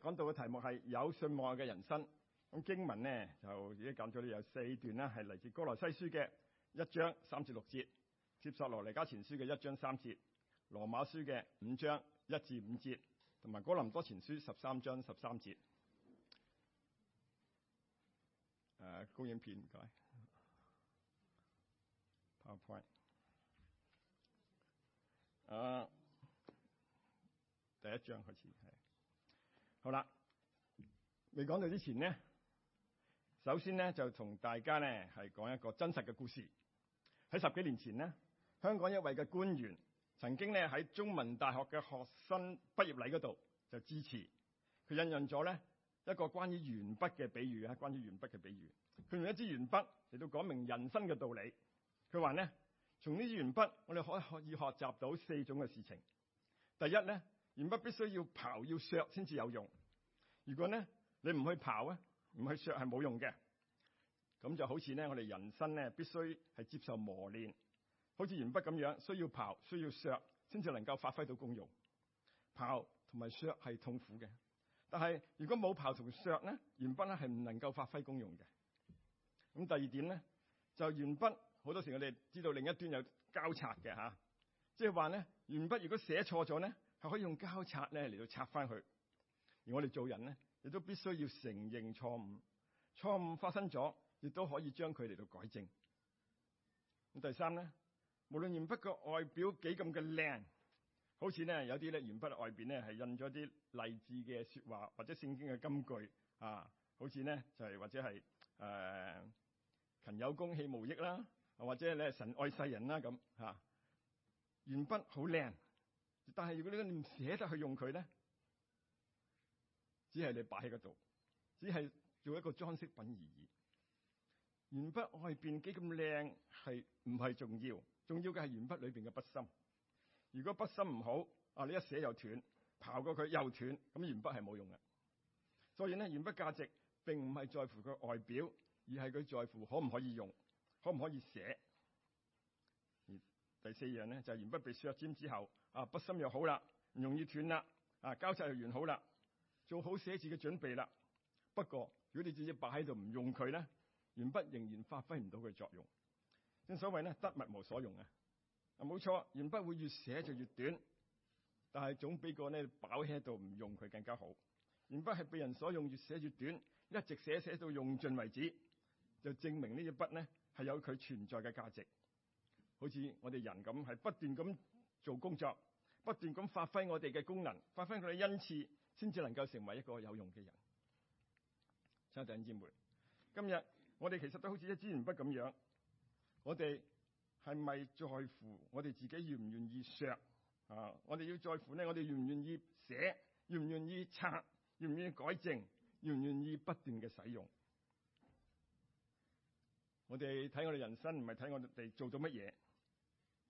講到嘅題目係有信望愛嘅人生。咁經文呢，就已經揀咗咧有四段啦，係嚟自歌羅西書嘅一章三至六節，帖撒羅尼迦前書嘅一章三節，羅馬書嘅五章一至五節，同埋哥林多前書十三章十三節。誒、啊，公影片唔該，PowerPoint，啊，第一章開始係。好啦，未講到之前呢，首先呢，就同大家呢，係講一個真實嘅故事。喺十幾年前呢，香港一位嘅官員曾經呢，喺中文大學嘅學生畢業禮嗰度就致辭。佢引用咗呢一個關於鉛筆嘅比喻啊，關於鉛筆嘅比喻。佢用一支鉛筆嚟到講明人生嘅道理。佢話呢，從呢支鉛筆，我哋可可以學習到四種嘅事情。第一呢。鉛筆必須要刨要削先至有用。如果呢，你唔去刨啊，唔去削係冇用嘅。咁就好似呢，我哋人生呢，必須係接受磨練，好似鉛筆咁樣，需要刨，需要削先至能夠發揮到功用。刨同埋削係痛苦嘅，但係如果冇刨同削呢，鉛筆呢係唔能夠發揮功用嘅。咁第二點呢，就鉛筆好多時我哋知道另一端有交叉嘅吓，即係話呢，鉛筆如果寫錯咗呢。係可以用膠擦咧嚟到擦翻佢，而我哋做人咧亦都必須要承認錯誤，錯誤發生咗亦都可以將佢嚟到改正。咁第三咧，無論鉛筆個外表幾咁嘅靚，好似咧有啲咧鉛筆外邊咧係印咗啲勵志嘅説話或者聖經嘅金句啊，好似咧就係或者係誒勤有功，氣無益啦，或者你係、呃啊、神愛世人啦咁嚇。鉛、啊啊、筆好靚。但係如果你唔捨得去用佢咧，只係你擺喺嗰度，只係做一個裝飾品而已。鉛筆外邊幾咁靚，係唔係重要？重要嘅係鉛筆裏邊嘅筆芯。如果筆芯唔好啊，你一寫又斷，刨過佢又斷，咁鉛筆係冇用嘅。所以咧，鉛筆價值並唔係在乎佢外表，而係佢在乎可唔可以用，可唔可以寫。第四樣咧就係、是、鉛筆被削尖之後，啊筆芯又好啦，唔容易斷啦，啊膠擦又完好啦，做好寫字嘅準備啦。不過，如果你直接擺喺度唔用佢咧，鉛筆仍然發揮唔到佢作用。正所謂咧，得物無所用啊！啊冇錯，鉛筆會越寫就越短，但係總比個呢，擺喺度唔用佢更加好。鉛筆係被人所用，越寫越短，一直寫寫到用盡為止，就證明呢支筆咧係有佢存在嘅價值。好似我哋人咁，係不斷咁做工作，不斷咁發揮我哋嘅功能，發揮佢嘅恩賜，先至能夠成為一個有用嘅人。親愛的姊妹，今日我哋其實都好似一支鉛筆咁樣，我哋係咪在乎我哋自己願唔願意削啊？我哋要在乎呢？我哋願唔願意寫，願唔願意拆？願唔願意改正，願唔願意不斷嘅使用？我哋睇我哋人生唔係睇我哋做咗乜嘢。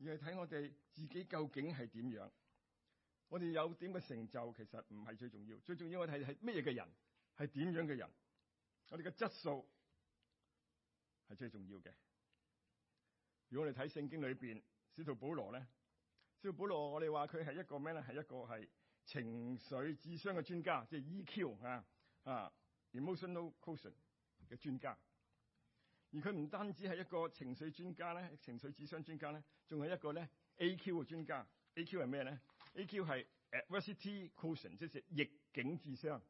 而係睇我哋自己究竟係點樣，我哋有點嘅成就其實唔係最重要，最重要我哋係係咩嘢嘅人，係點樣嘅人，我哋嘅質素係最重要嘅。如果我哋睇聖經裏邊，使徒保羅咧，使徒保羅我哋話佢係一個咩咧？係一個係情緒智商嘅專家，即係 E.Q. 啊啊，Emotional Quotient 嘅專家。而佢唔單止係一個情緒專家咧，情緒智商專家咧，仲係一個咧 A.Q. 嘅專家。A.Q. 係咩咧？A.Q. 係 Adversity q u o t i o n t 即係逆境智商。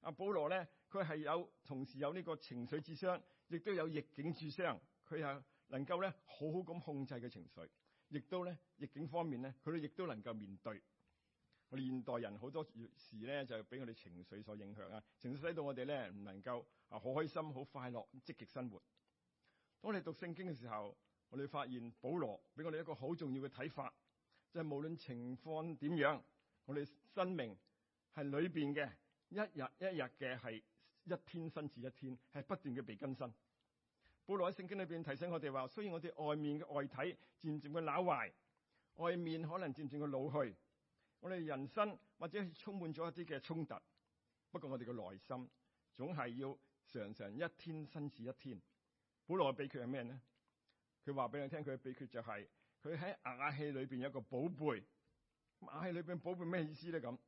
阿保羅咧，佢係有同時有呢個情緒智商，亦都有逆境智商。佢係能夠咧好好咁控制嘅情緒，亦都咧逆境方面咧，佢都亦都能夠面對。我哋現代人好多事咧，就俾我哋情緒所影響啊！情緒使到我哋咧唔能夠啊好開心、好快樂、積極生活。當你讀聖經嘅時候，我哋發現保羅俾我哋一個好重要嘅睇法，就係無論情況點樣，我哋生命係裏邊嘅一日一日嘅係一天新似一天，係不斷嘅被更新。保羅喺聖經裏邊提醒我哋話，雖然我哋外面嘅外體漸漸嘅扭壞，外面可能漸漸嘅老去，我哋人生或者充滿咗一啲嘅衝突，不過我哋嘅內心總係要常常一天新似一天。保羅嘅祕訣係咩咧？佢話俾你聽他、就是，佢嘅祕訣就係佢喺瓦器裏邊有個寶貝。瓦器裏邊寶貝咩意思咧？咁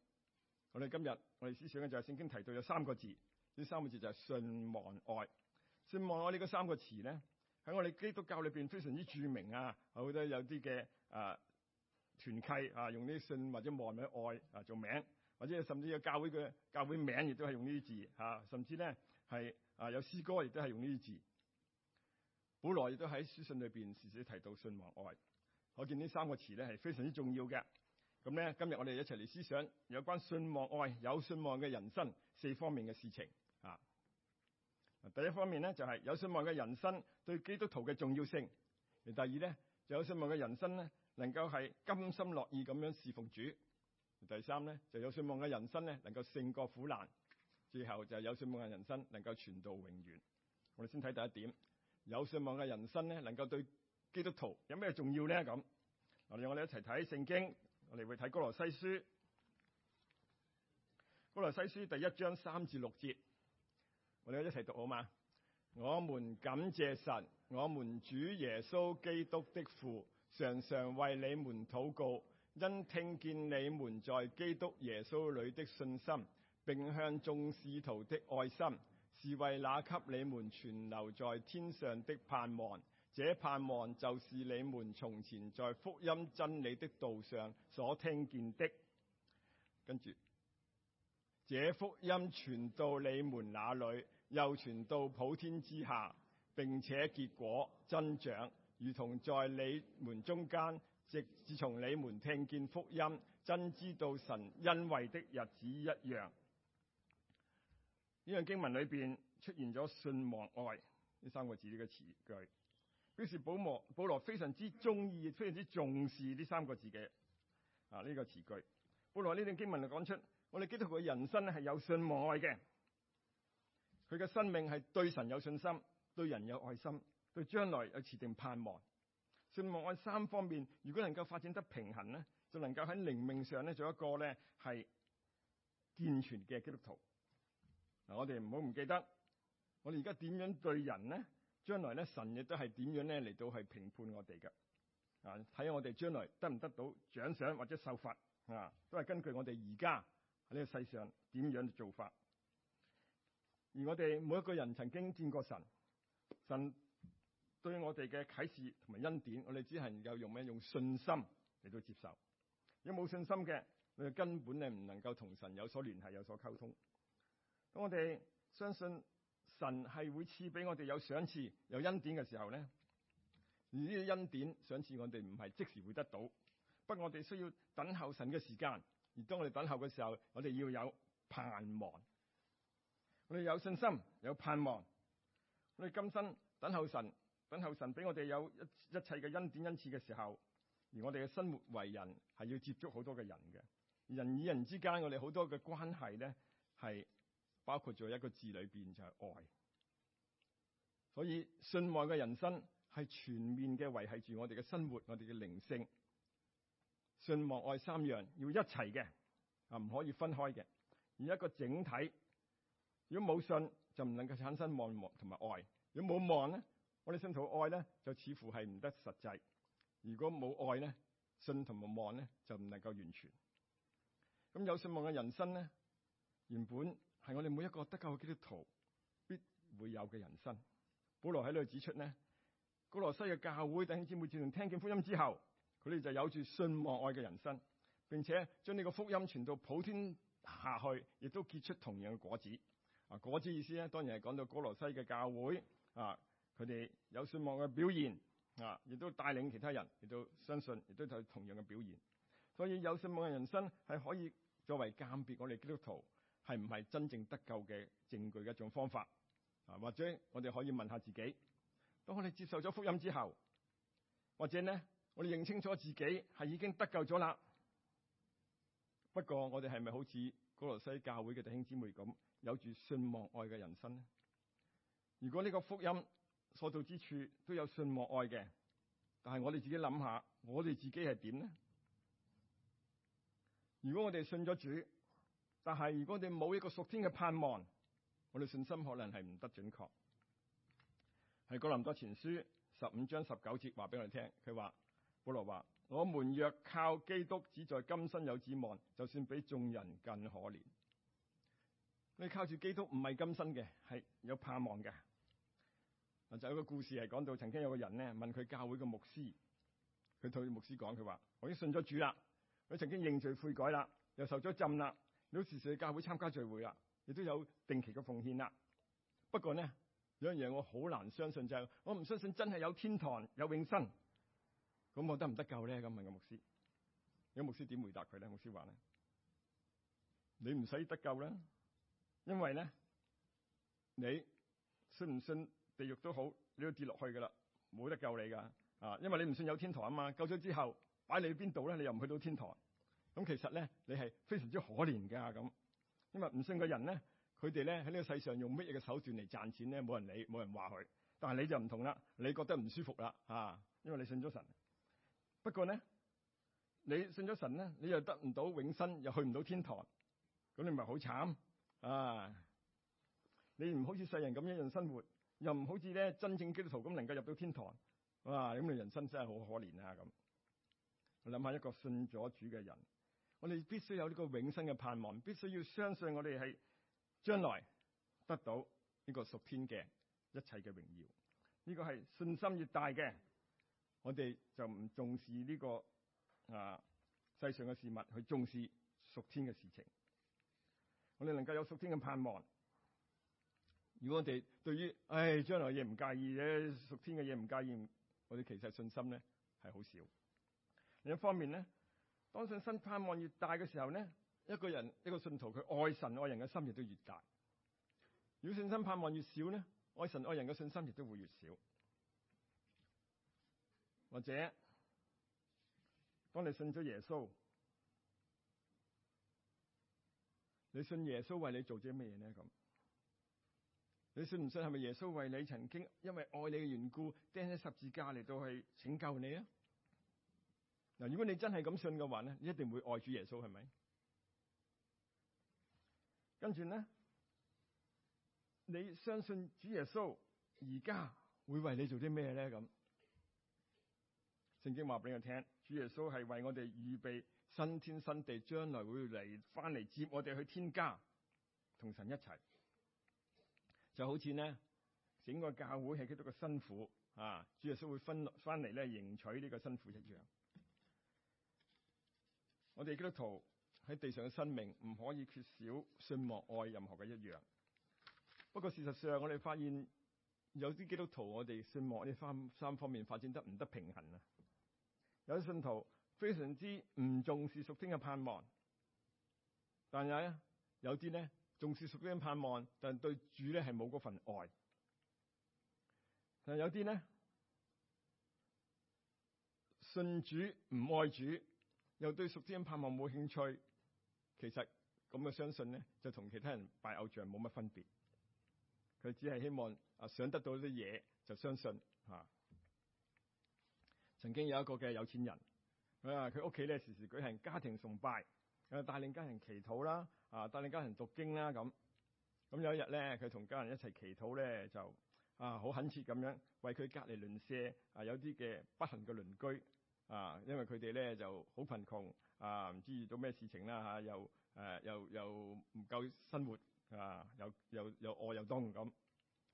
我哋今日我哋思想嘅就係聖經提到有三個字，呢三個字就係信望愛。信望愛呢個三個詞咧，喺我哋基督教裏邊非常之著名啊。好多有啲嘅誒團契啊，用呢啲信或者望或者愛啊做名，或者甚至有教會嘅教會名亦都係用呢啲字吓、啊，甚至咧係啊有詩歌亦都係用呢啲字。保羅亦都喺書信裏邊時時提到信望愛，可見呢三個詞咧係非常之重要嘅。咁咧今日我哋一齊嚟思想有關信望愛有信望嘅人生四方面嘅事情啊。第一方面咧就係、是，有信望嘅人生對基督徒嘅重要性。第二咧就有信望嘅人生咧能夠係甘心樂意咁樣侍奉主。第三咧就有信望嘅人生咧能夠勝過苦難。最後就有信望嘅人生能夠傳道永遠。我哋先睇第一點。有信望嘅人生呢，能夠對基督徒有咩重要呢？咁，我哋一齊睇聖經，我哋會睇歌羅西書，歌羅西書第一章三至六節，我哋一齊讀好嘛？我們感謝神，我們主耶穌基督的父，常常為你們禱告，因聽見你們在基督耶穌裏的信心，並向眾聖徒的愛心。是為那給你們存留在天上的盼望，這盼望就是你們從前在福音真理的道上所聽見的。跟住，這福音傳到你們那裏，又傳到普天之下，並且結果增長，如同在你們中間，直至從你們聽見福音，真知道神恩惠的日子一樣。呢樣經文裏邊出現咗信望愛呢三個字呢個詞句，表示保羅保羅非常之中意，非常之重視呢三個字嘅，啊呢個詞句。保羅呢段經文就講出，我哋基督徒嘅人生咧係有信望愛嘅，佢嘅生命係對神有信心，對人有愛心，對將來有持定盼望。信望愛三方面，如果能夠發展得平衡咧，就能夠喺靈命上咧做一個咧係健全嘅基督徒。我哋唔好唔記得，我哋而家點樣對人咧，將來咧神亦都係點樣咧嚟到係評判我哋嘅，啊睇下我哋將來得唔得到獎賞或者受罰啊，都係根據我哋而家喺呢個世上點樣做法。而我哋每一個人曾經見過神，神對我哋嘅啟示同埋恩典，我哋只係能夠用咩？用信心嚟到接受。有冇信心嘅，我哋根本咧唔能夠同神有所聯繫、有所溝通。咁我哋相信神係會賜俾我哋有賞賜、有恩典嘅時候咧，而呢啲恩典、賞賜我哋唔係即時會得到，不過我哋需要等候神嘅時間。而當我哋等候嘅時候，我哋要有盼望，我哋有信心，有盼望。我哋今生等候神，等候神俾我哋有一一切嘅恩典、恩賜嘅時候，而我哋嘅生活為人係要接觸好多嘅人嘅，人與人之間我哋好多嘅關係咧係包括咗一個字裏邊就係愛，所以信望嘅人生係全面嘅，維係住我哋嘅生活、我哋嘅靈性。信望愛三樣要一齊嘅，啊唔可以分開嘅，而一個整體。如果冇信就唔能夠產生望望同埋愛，如果冇望咧，我哋信徒愛咧就似乎係唔得實際。如果冇愛咧，信同埋望咧就唔能夠完全。咁有信望嘅人生咧，原本。係我哋每一個得救嘅基督徒必會有嘅人生。保羅喺度指出呢，哥羅西嘅教會弟兄姊妹自從聽見福音之後，佢哋就有住信望愛嘅人生，並且將呢個福音傳到普天下去，亦都結出同樣嘅果子。啊，果子意思咧，當然係講到哥羅西嘅教會啊，佢哋有信望嘅表現啊，亦都帶領其他人，亦都相信，亦都有同樣嘅表現。所以有信望嘅人生係可以作為鑑別我哋基督徒，係唔係真正得救嘅證據嘅一種方法啊？或者我哋可以問下自己，當我哋接受咗福音之後，或者呢，我哋認清楚自己係已經得救咗啦。不過我哋係咪好似古羅西教會嘅弟兄姊妹咁，有住信望愛嘅人生呢？如果呢個福音所到之處都有信望愛嘅，但係我哋自己諗下，我哋自己係點呢？如果我哋信咗主，但係，如果你冇一個屬天嘅盼望，我哋信心可能係唔得準確。喺《哥林多前書》十五章十九節話俾我哋聽，佢話：保羅話，我們若靠基督，只在今生有指望，就算比眾人更可憐。你靠住基督唔係今生嘅，係有盼望嘅。就有個故事係講到，曾經有個人呢問佢教會嘅牧師，佢同牧師講：佢話我已經信咗主啦，佢曾經認罪悔改啦，又受咗浸啦。你都時時去教會參加聚會啦，亦都有定期嘅奉獻啦。不過呢，有樣嘢我好難相信就係、是，我唔相信真係有天堂有永生。咁我得唔得救呢？咁問個牧師。有、那個、牧師點回答佢呢？牧師話呢：「你唔使得救啦，因為呢，你信唔信地獄都好，你都跌落去噶啦，冇得救你噶。啊，因為你唔信有天堂啊嘛，救咗之後，擺你去邊度呢？你又唔去到天堂。咁其實咧，你係非常之可憐噶咁，因為唔信嘅人咧，佢哋咧喺呢個世上用乜嘢嘅手段嚟賺錢咧，冇人理，冇人話佢。但係你就唔同啦，你覺得唔舒服啦啊，因為你信咗神。不過咧，你信咗神咧，你又得唔到永生，又去唔到天堂，咁你咪好慘啊！你唔好似世人咁一樣生活，又唔好似咧真正基督徒咁能夠入到天堂。哇、啊！咁你人生真係好可憐啊咁。我諗下一個信咗主嘅人。我哋必須有呢個永生嘅盼望，必須要相信我哋係將來得到呢個屬天嘅一切嘅榮耀。呢個係信心越大嘅，我哋就唔重視呢個啊世上嘅事物，去重視屬天嘅事情。我哋能夠有屬天嘅盼望，如果我哋對於唉將來嘢唔介意嘅屬天嘅嘢唔介意，我哋其實信心咧係好少。另一方面咧。當信心盼望越大嘅時候咧，一個人一個信徒佢愛神愛人嘅心亦都越大。如果信心盼望越少咧，愛神愛人嘅信心亦都會越少。或者，當你信咗耶穌，你信耶穌為你做咗咩嘢咧？咁，你信唔信係咪耶穌為你曾經因為愛你嘅緣故釘喺十字架嚟到去拯救你啊？嗱，如果你真係咁信嘅話咧，你一定會愛主耶穌，係咪？跟住咧，你相信主耶穌而家會為你做啲咩咧？咁聖經話俾我聽，主耶穌係為我哋預備新天新地，將來會嚟翻嚟接我哋去天家，同神一齊，就好似咧整個教會係佢一個新婦啊，主耶穌會分翻嚟咧，迎娶呢個新婦一樣。我哋基督徒喺地上嘅生命唔可以缺少信望愛任何嘅一樣。不過事實上，我哋發現有啲基督徒我，我哋信望呢三三方面發展得唔得平衡啊！有啲信徒非常之唔重視屬天嘅盼望，但係咧有啲呢重視屬天嘅盼望，但係對主咧係冇嗰份愛。但有啲呢，信主唔愛主。又對熟知嘅盼望冇興趣，其實咁嘅相信咧，就同其他人拜偶像冇乜分別。佢只係希望啊，想得到啲嘢就相信嚇，啊。曾經有一個嘅有錢人啊，佢屋企咧時時舉行家庭崇拜，啊帶領家人祈禱啦，啊帶領家人讀經啦咁。咁有一日咧，佢同家人一齊祈禱咧，就啊好懇切咁樣為佢隔離鄰舍啊，有啲嘅不幸嘅鄰居，啊，因為佢哋咧就好貧窮，啊唔知遇到咩事情啦吓，啊，又誒、啊、又又唔夠生活，啊又又又餓又凍咁，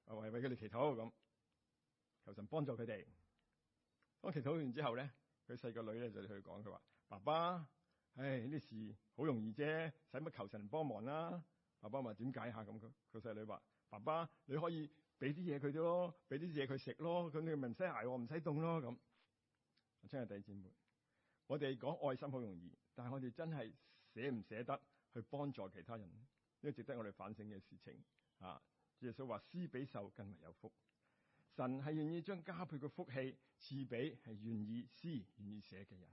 為為佢哋祈禱咁，求神幫助佢哋。當祈禱完之後咧，佢細個女咧就去講，佢話：爸爸，唉呢事好容易啫，使乜求神幫忙啦啊？爸爸問點解下？咁，佢佢細女話：爸爸，你可以俾啲嘢佢哋咯，俾啲嘢佢食咯，咁佢咪唔使捱，唔使凍咯咁。親愛的弟兄，我哋講愛心好容易，但係我哋真係捨唔捨得去幫助其他人呢？呢個值得我哋反省嘅事情啊！耶穌話施比受更為有福，神係願意將加倍嘅福氣賜俾係願意施、願意捨嘅人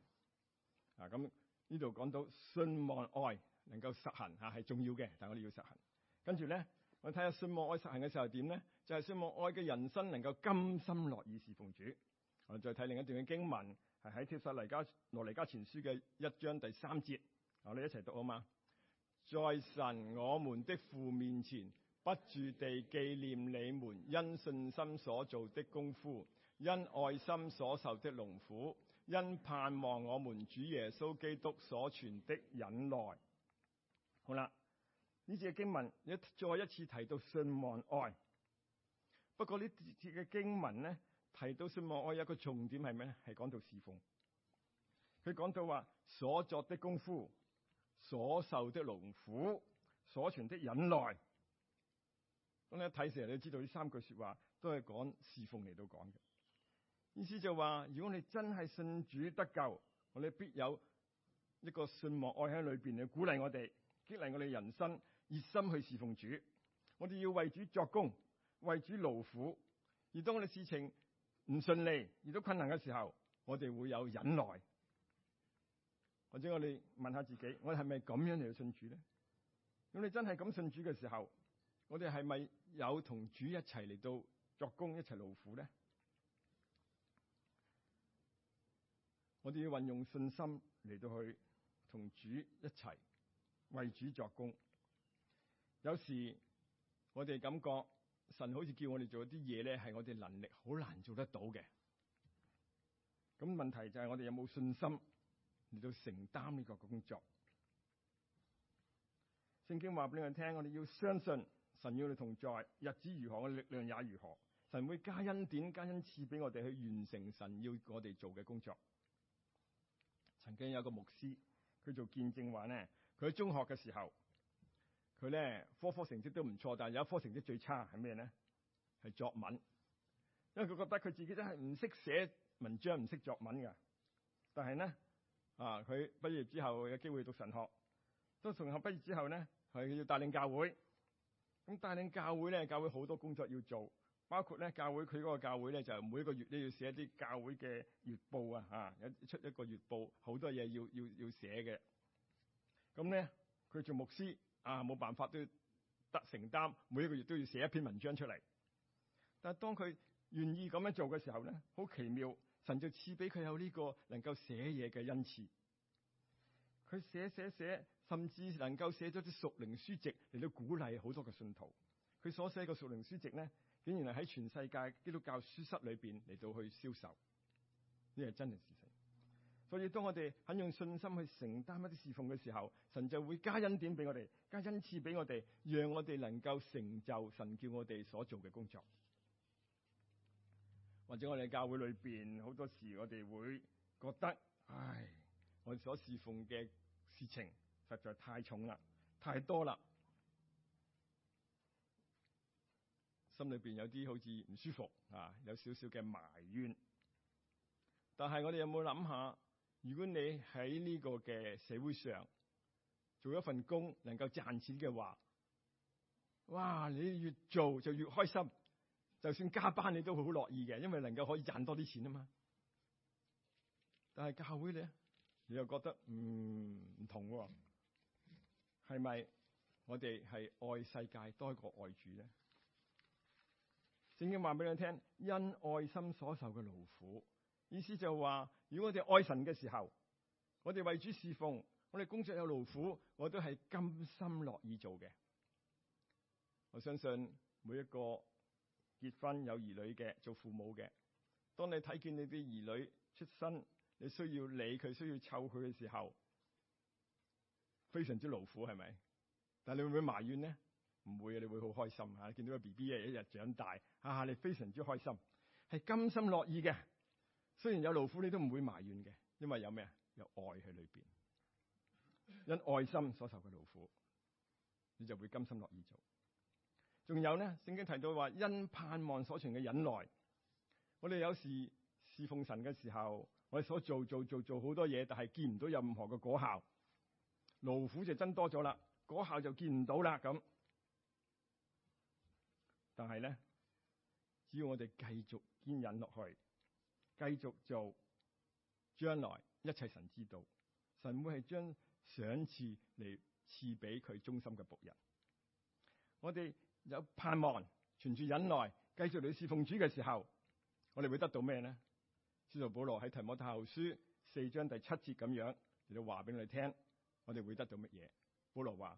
啊！咁呢度講到信望愛能夠實行吓，係、啊、重要嘅，但係我哋要實行。跟住咧，我哋睇下信望愛實行嘅時候點咧，就係、是、信望愛嘅人生能夠甘心樂意侍奉主。我哋再睇另一段嘅經文，係喺帖撒尼加羅尼加前書嘅一章第三節，我哋一齊讀好嘛。在神我們的父面前，不住地紀念你們因信心所做的功夫，因愛心所受的勞苦，因盼望我們主耶穌基督所存的忍耐。好啦，呢節嘅經文一再一次提到信望愛，不過呢節嘅經文呢。提到信望愛有一個重點係咩咧？係講到侍奉。佢講到話所作的功夫，所受的勞苦，所存的忍耐。咁你一睇成日你知道呢三句說話都係講侍奉嚟，到講嘅意思就話，如果你真係信主得救，我哋必有一個信望愛喺裏邊嚟鼓勵我哋，激勵我哋人生，熱心去侍奉主。我哋要為主作功，為主勞苦，而當我哋事情，唔順利，遇到困難嘅時候，我哋會有忍耐，或者我哋問下自己，我哋係咪咁樣嚟去信主咧？咁你真係咁信主嘅時候，我哋係咪有同主一齊嚟到作工，一齊勞苦咧？我哋要運用信心嚟到去同主一齊為主作工。有時我哋感覺。神好似叫我哋做啲嘢咧，係我哋能力好難做得到嘅。咁問題就係我哋有冇信心嚟到承擔呢個工作？聖經話俾你哋聽，我哋要相信神要你同在，日子如何嘅力量也如何。神會加恩典、加恩賜俾我哋去完成神要我哋做嘅工作。曾經有個牧師，佢做見證話咧，佢喺中學嘅時候。佢咧科科成績都唔錯，但係有一科成績最差係咩咧？係作文，因為佢覺得佢自己真係唔識寫文章，唔識作文㗎。但係咧啊，佢畢業之後有機會讀神學，讀神學畢業之後咧，佢要帶領教會。咁帶領教會咧，教會好多工作要做，包括咧教會佢嗰個教會咧，就每一個月都要寫一啲教會嘅月報啊，嚇有出一個月報，好多嘢要要要寫嘅。咁咧佢做牧師。啊，冇辦法都要得承擔，每一個月都要寫一篇文章出嚟。但係當佢願意咁樣做嘅時候咧，好奇妙，神就賜俾佢有呢個能夠寫嘢嘅恩賜。佢寫寫寫，甚至能夠寫咗啲屬靈書籍嚟到鼓勵好多嘅信徒。佢所寫嘅屬靈書籍咧，竟然係喺全世界基督教書室裏邊嚟到去銷售，呢係真嘅。所以當我哋肯用信心去承擔一啲侍奉嘅時候，神就會加恩典俾我哋，加恩賜俾我哋，讓我哋能夠成就神叫我哋所做嘅工作。或者我哋教會裏邊好多時，我哋會覺得，唉，我哋所侍奉嘅事情實在太重啦，太多啦，心裏邊有啲好似唔舒服啊，有少少嘅埋怨。但係我哋有冇諗下？如果你喺呢個嘅社會上做一份工，能夠賺錢嘅話，哇！你越做就越開心，就算加班你都會好樂意嘅，因為能夠可以賺多啲錢啊嘛。但係教會咧，你又覺得唔唔同喎，係咪我哋係愛世界多過愛主咧？聖經話俾你聽，因愛心所受嘅勞苦。意思就係話，如果我哋愛神嘅時候，我哋為主侍奉，我哋工作有勞苦，我都係甘心樂意做嘅。我相信每一個結婚有兒女嘅，做父母嘅，當你睇見你啲兒女出生，你需要理佢，需要湊佢嘅時候，非常之勞苦係咪？但係你會唔會埋怨呢？唔會啊！你會好開心啊！見到個 BB 一日長大啊，你非常之開心，係甘心樂意嘅。雖然有勞苦，你都唔會埋怨嘅，因為有咩啊？有愛喺裏邊，因愛心所受嘅勞苦，你就會甘心樂意做。仲有呢，聖經提到話，因盼望所存嘅忍耐，我哋有時侍奉神嘅時候，我哋所做做做做好多嘢，但係見唔到任何嘅果效，勞苦就增多咗啦，果效就見唔到啦咁。但係咧，只要我哋繼續堅忍落去。繼續做，將來一切神知道，神會係將賞賜嚟，賜俾佢忠心嘅僕人。我哋有盼望，存住忍耐，繼續嚟侍奉主嘅時候，我哋會得到咩呢？使徒保羅喺提摩太後書四章第七節咁樣嚟到話俾你聽，我哋會得到乜嘢？保羅話，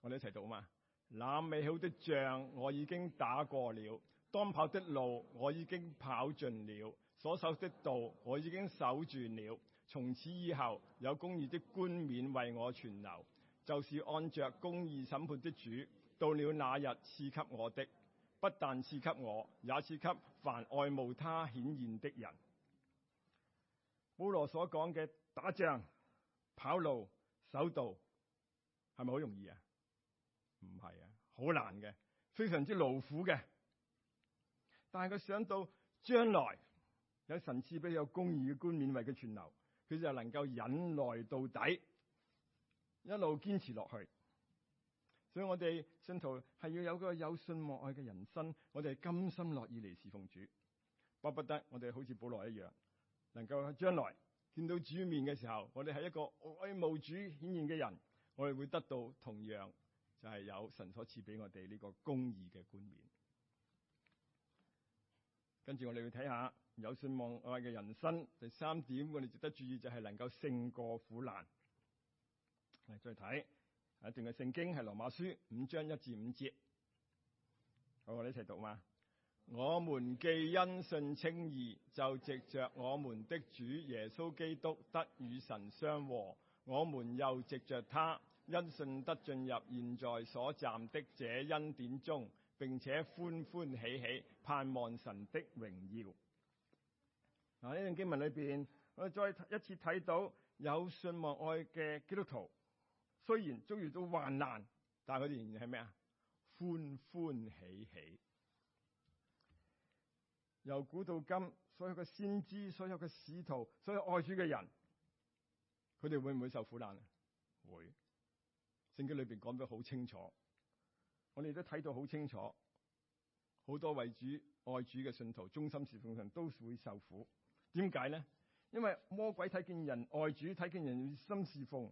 我哋一齊讀啊嘛。那美好的仗我已經打過了，當跑的路我已經跑盡了。所守的道，我已經守住了。從此以後，有公義的冠冕為我存留，就是按着公義審判的主，到了那日賜給我的。不但賜給我，也賜給凡愛慕他顯現的人。保羅所講嘅打仗、跑路、守道，係咪好容易啊？唔係啊，好難嘅，非常之勞苦嘅。但係佢想到將來。有神賜俾有公義嘅冠冕為佢存留，佢就能夠忍耐到底，一路堅持落去。所以我哋信徒係要有一個有信望愛嘅人生，我哋係甘心樂意嚟侍奉主，巴不，不得我哋好似保羅一樣，能夠喺將來見到主面嘅時候，我哋係一個愛慕主顯現嘅人，我哋會得到同樣就係有神所賜俾我哋呢個公義嘅冠冕。跟住我哋要睇下有信望愛嘅人生。第三點，我哋值得注意就係能夠勝過苦難。再睇一段嘅聖經係羅馬書五章一至五節。好，我哋一齊讀嘛？我們既因信稱義，就藉着我們的主耶穌基督得與神相和。我們又藉著他，因信得進入現在所站的這恩典中。並且歡歡喜喜盼望神的榮耀。啊！呢段經文裏邊，我哋再一次睇到有信望愛嘅基督徒，雖然遭遇到患難，但係佢哋仍然係咩啊？歡歡喜喜。由古到今，所有嘅先知、所有嘅使徒、所有愛主嘅人，佢哋會唔會受苦難啊？會。聖經裏邊講得好清楚。我哋都睇到好清楚，好多為主愛主嘅信徒忠心侍奉神，都會受苦。點解咧？因為魔鬼睇見人愛主，睇見人心侍奉，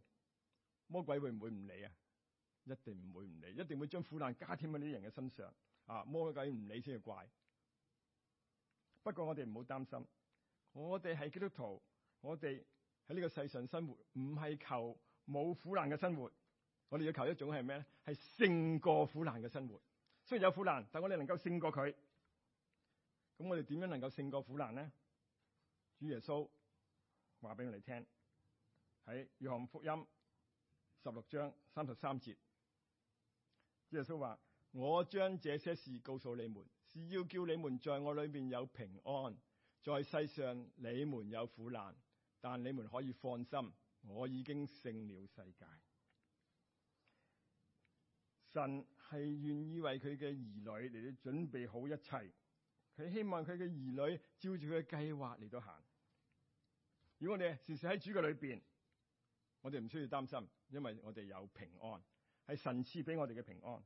魔鬼會唔會唔理啊？一定唔會唔理，一定會將苦難加添喺呢啲人嘅身上。啊，魔鬼唔理先係怪。不過我哋唔好擔心，我哋係基督徒，我哋喺呢個世上生活，唔係求冇苦難嘅生活。我哋要求一種係咩咧？係勝過苦難嘅生活。雖然有苦難，但我哋能夠勝過佢。咁我哋點樣能夠勝過苦難呢？主耶穌話俾我哋聽，喺約翰福音十六章三十三節，耶穌話，我將這些事告訴你們，是要叫你們在我裏面有平安。在世上你們有苦難，但你們可以放心，我已經勝了世界。神係願意為佢嘅兒女嚟到準備好一切，佢希望佢嘅兒女照住佢嘅計劃嚟到行。如果我哋時時喺主嘅裏邊，我哋唔需要擔心，因為我哋有平安，係神賜俾我哋嘅平安。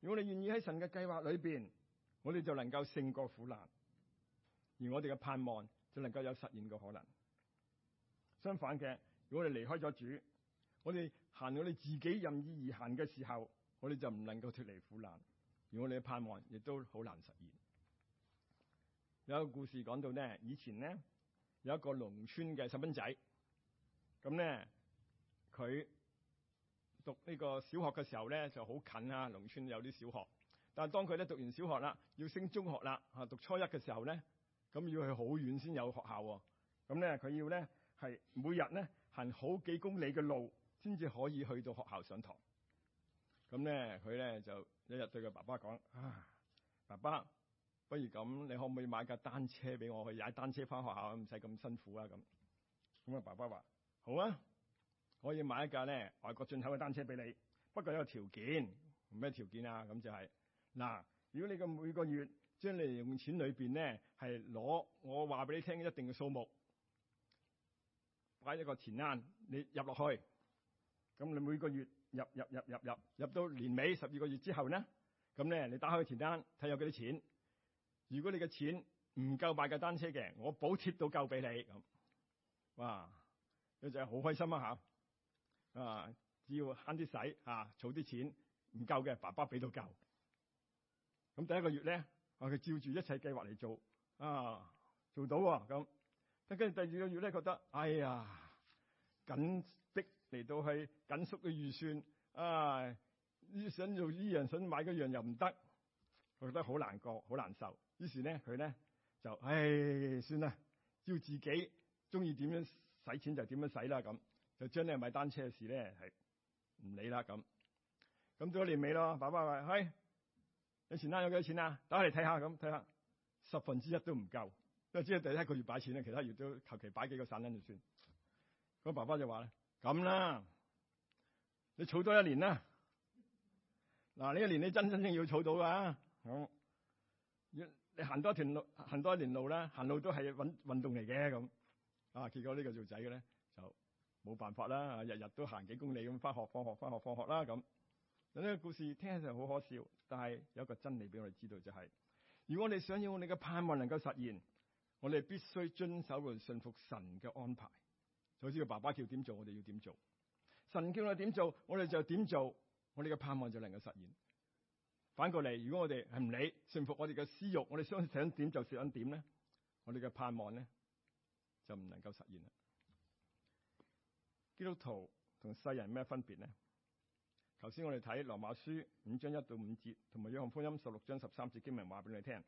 如果我哋願意喺神嘅計劃裏邊，我哋就能夠勝過苦難，而我哋嘅盼望就能夠有實現嘅可能。相反嘅，如果我哋離開咗主，我哋行到你自己任意而行嘅時候，我哋就唔能夠脫離苦難，而我哋嘅盼望亦都好難實現。有一個故事講到咧，以前咧有一個農村嘅細蚊仔，咁咧佢讀呢個小學嘅時候咧就好近啊，農村有啲小學。但係當佢咧讀完小學啦，要升中學啦，啊讀初一嘅時候咧，咁要去好遠先有學校喎，哦。咁咧佢要咧係每日咧行好幾公里嘅路，先至可以去到學校上堂。咁咧，佢咧就一日對佢爸爸講：啊，爸爸，不如咁，你可唔可以買架單車俾我去，去踩單車返學校，唔使咁辛苦啊？咁，咁啊，爸爸話：好啊，可以買一架咧外國進口嘅單車俾你，不過有個條件，咩條件啊？咁就係、是、嗱，如果你嘅每個月將你用錢裏邊咧係攞，我話俾你聽一定嘅數目，擺一個錢罌，你入落去，咁你每個月。入入入入入入到年尾十二個月之後呢，咁咧你打開個錢單睇有幾多錢？如果你嘅錢唔夠買架單車嘅，我補貼到夠俾你咁，哇！佢就係、是、好開心啊吓，啊，只要慳啲使啊，儲、啊、啲錢唔夠嘅，爸爸俾到夠。咁第一個月咧，佢、啊、照住一切計劃嚟做啊，做到咁、啊。跟住第二個月咧，覺得哎呀緊。嚟到去緊縮嘅預算啊！想做呢樣想買嗰樣又唔得，我覺得好難過、好難受。於是咧，佢咧就唉、哎、算啦，要自己中意點樣使錢就點樣使啦。咁就將你買單車嘅事咧係唔理啦。咁咁到咗年尾咯，爸爸話：，去、哎、你存翻有幾多錢啊？攞嚟睇下咁睇下，十分之一都唔夠，因為只有第一個月擺錢啦，其他月都求其擺幾個散銀就算。咁爸爸就話。咁啦，你儲多一年啦，嗱呢一年你真真正要儲到噶，咁、嗯、你行多一段路，行多一年路啦，行路都係運運動嚟嘅咁，啊結果呢個做仔嘅咧就冇辦法啦，日日都行幾公里咁，翻學放學翻學放學啦咁。嗱呢、呢個故事聽起上好可笑，但係有一個真理俾我哋知道就係、是，如果你想要你嘅盼望能夠實現，我哋必須遵守和信服神嘅安排。就好似個爸爸叫點做，我哋要點做。神叫我點做，我哋就點做。我哋嘅盼望就能夠實現。反過嚟，如果我哋係唔理，信服我哋嘅私欲，我哋想想點就想點咧，我哋嘅盼望咧就唔能夠實現啦。基督徒同世人咩分別咧？頭先我哋睇羅馬書五章一到五節，同埋約翰福音十六章十三節經文話俾你聽。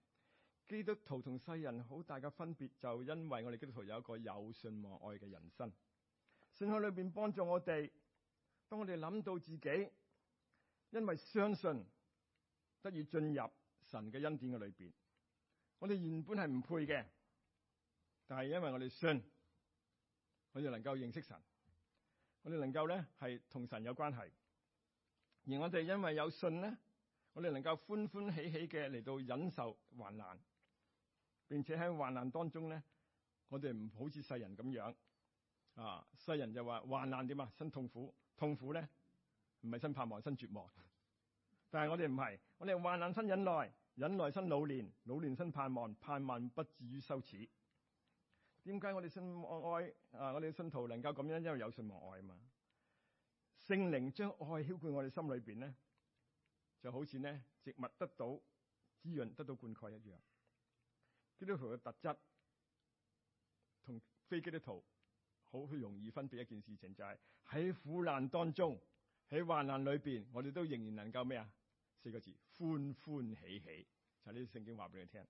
基督徒同世人好大嘅分別，就因為我哋基督徒有一個有信望愛嘅人生。信喺裏邊幫助我哋，當我哋諗到自己，因為相信得以進入神嘅恩典嘅裏邊。我哋原本係唔配嘅，但係因為我哋信，我哋能夠認識神，我哋能夠咧係同神有關係。而我哋因為有信咧，我哋能夠歡歡喜喜嘅嚟到忍受患難。並且喺患難當中咧，我哋唔好似世人咁樣，啊，世人就話患難點啊，生痛苦，痛苦咧唔係生盼望，生絕望。但係我哋唔係，我哋患難生忍耐，忍耐生老練，老練生盼望，盼望不至於羞恥。點解我哋信愛啊？我哋嘅信徒能夠咁樣，因為有信望愛啊嘛。聖靈將愛澆灌我哋心裏邊咧，就好似咧植物得到滋潤、得到灌溉一樣。基督徒嘅特質同非基督徒好去容易分別一件事情，就係喺苦難當中，喺患難裏邊，我哋都仍然能夠咩啊？四個字：歡歡喜喜。就呢啲聖經話俾你聽。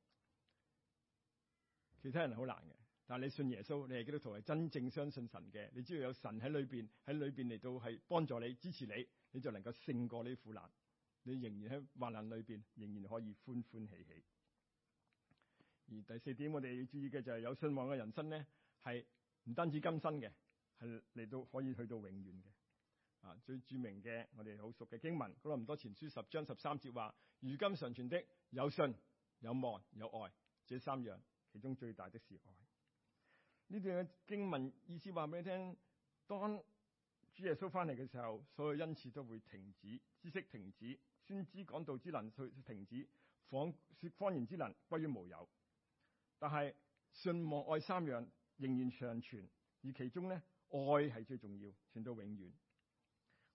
其他人好難嘅，但係你信耶穌，你係基督徒，係真正相信神嘅，你只要有神喺裏邊，喺裏邊嚟到係幫助你、支持你，你就能夠勝過呢啲苦難。你仍然喺患難裏邊，仍然可以歡歡喜喜。而第四點，我哋要注意嘅就係有信望嘅人生咧，係唔單止今生嘅，係嚟到可以去到永遠嘅。啊，最著名嘅我哋好熟嘅經文，《哥林多前書》十章十三節話：如今常存的有信、有望、有愛，這三樣，其中最大的是愛。呢段嘅經文意思話俾你聽，當主耶穌翻嚟嘅時候，所有恩賜都會停止，知識停止，先知講道之能去停止，方說方言之能歸於無有。但係信望愛三樣仍然常存，而其中咧愛係最重要，存到永遠。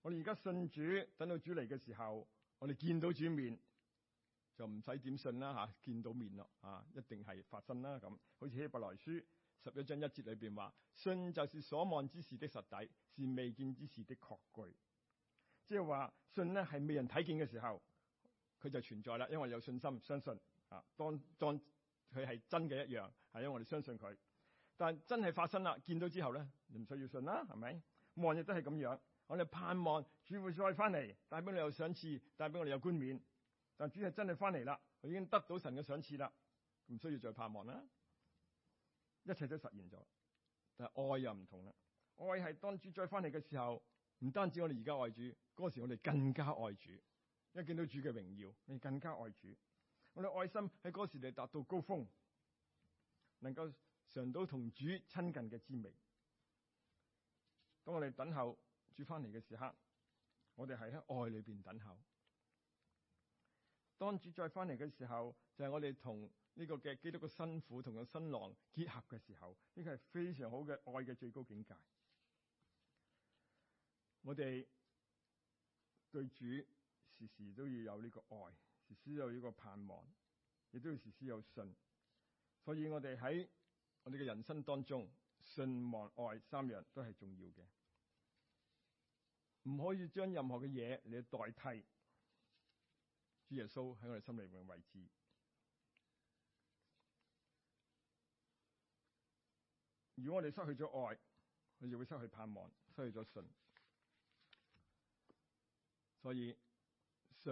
我哋而家信主，等到主嚟嘅時候，我哋見到主面就唔使點信啦吓、啊，見到面咯嚇、啊，一定係發生啦咁。好似希伯來書十一章一節裏邊話：信就是所望之事的實底，是未見之事的確據。即係話信咧係未人睇見嘅時候，佢就存在啦，因為有信心相信啊，當當。佢係真嘅，一樣，係因為我哋相信佢。但真係發生啦，見到之後咧，你唔需要信啦，係咪？望日都係咁樣，我哋盼望主會再翻嚟，帶俾你有賞賜，帶俾我哋有冠冕。但主係真係翻嚟啦，佢已經得到神嘅賞賜啦，唔需要再盼望啦。一切都實現咗。但愛又唔同啦，愛係當主再翻嚟嘅時候，唔單止我哋而家愛主，嗰時我哋更加愛主，一見到主嘅榮耀，你更加愛主。我哋愛心喺嗰時嚟，達到高峰，能夠嘗到同主親近嘅滋味。當我哋等候主翻嚟嘅時刻，我哋係喺愛裏邊等候。當主再翻嚟嘅時候，就係、是、我哋同呢個嘅基督嘅新婦同個新郎結合嘅時候，呢、這個係非常好嘅愛嘅最高境界。我哋對主時時都要有呢個愛。時時有呢個盼望，亦都要時時有信。所以我哋喺我哋嘅人生當中，信、望、愛三樣都係重要嘅，唔可以將任何嘅嘢嚟代替主耶穌喺我哋心裏面嘅位置。如果我哋失去咗愛，佢就會失去盼望，失去咗信。所以。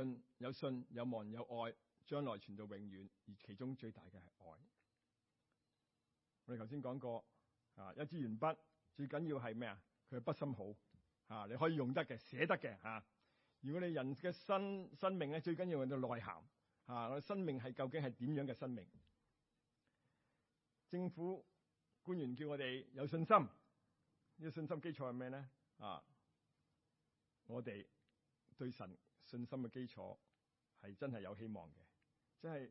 信有信有望有愛，將來傳到永遠，而其中最大嘅係愛。我哋頭先講過，啊一支鉛筆最緊要係咩啊？佢嘅筆芯好，吓你可以用得嘅，寫得嘅吓。如果你人嘅生生命咧，最緊要係個內涵，吓我哋生命係究竟係點樣嘅生命？政府官員叫我哋有信心，呢個信心基礎係咩咧？啊，我哋對神。信心嘅基礎係真係有希望嘅，即係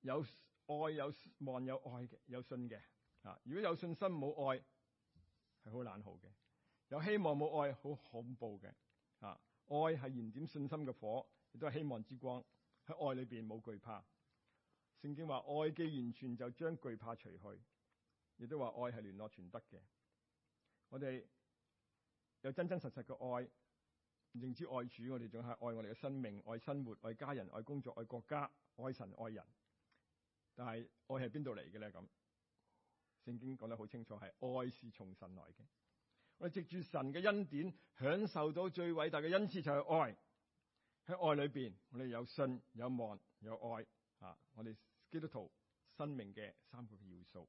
有愛有望有愛嘅有信嘅。啊，如果有信心冇愛係好難好嘅，有希望冇愛好恐怖嘅。啊，愛係燃點信心嘅火，亦都係希望之光。喺愛裏邊冇懼怕。聖經話愛既完全就將懼怕除去，亦都話愛係聯絡全德嘅。我哋有真真實實嘅愛。唔淨止愛主，我哋仲係愛我哋嘅生命、愛生活、愛家人、愛工作、愛國家、愛神、愛人。但係愛係邊度嚟嘅咧？咁聖經講得好清楚，係愛是從神來嘅。我哋藉住神嘅恩典，享受到最偉大嘅恩賜就係、是、愛。喺愛裏邊，我哋有信、有望、有愛。啊，我哋基督徒生命嘅三個要素。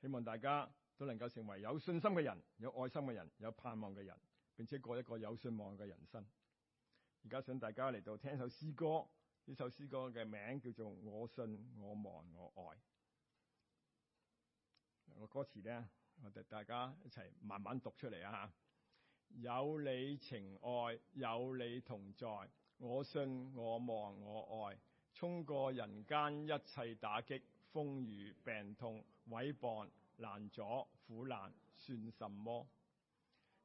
希望大家都能夠成為有信心嘅人、有愛心嘅人、有盼望嘅人。並且過一個有信望嘅人生。而家想大家嚟到聽首詩歌，呢首詩歌嘅名叫做《我信我望我愛》。我、嗰個、歌詞呢，我哋大家一齊慢慢讀出嚟啊吓！ 有你情愛，有你同在，我信我望我愛，衝過人間一切打擊、風雨、病痛、毀謗、難阻、苦難，算什麼？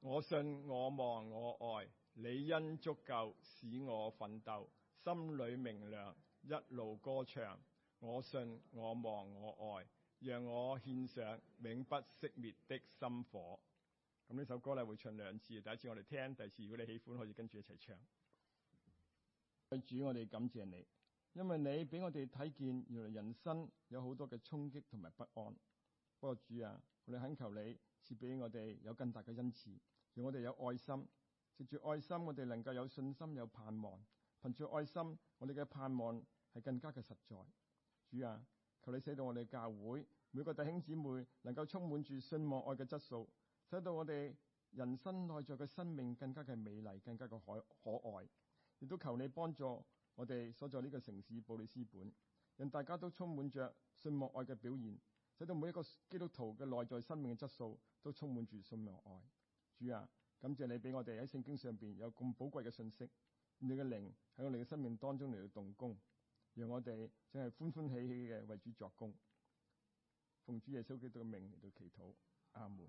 我信我望我愛，你因足夠使我奮鬥，心裏明亮，一路歌唱。我信我望我愛，讓我獻上永不熄滅的心火。咁、嗯、呢首歌咧會唱兩次，第一次我哋聽，第二次如果你喜歡，可以跟住一齊唱。主，我哋感謝你，因為你俾我哋睇見原來人生有好多嘅衝擊同埋不安。不過主啊，我哋懇求你。賜俾我哋有更大嘅恩賜，讓我哋有愛心。藉住愛心，我哋能夠有信心，有盼望。憑住愛心，我哋嘅盼望係更加嘅實在。主啊，求你使到我哋教會每個弟兄姊妹能夠充滿住信望愛嘅質素，使到我哋人生內在嘅生命更加嘅美麗，更加嘅可可愛。亦都求你幫助我哋所在呢個城市布里斯本，讓大家都充滿着信望愛嘅表現。使到每一個基督徒嘅內在生命嘅質素都充滿住信望愛。主啊，感謝你俾我哋喺聖經上邊有咁寶貴嘅信息，讓你嘅靈喺我哋嘅生命當中嚟到動工，讓我哋真係歡歡喜喜嘅為主作工。奉主耶穌基督嘅名嚟到祈禱，阿門。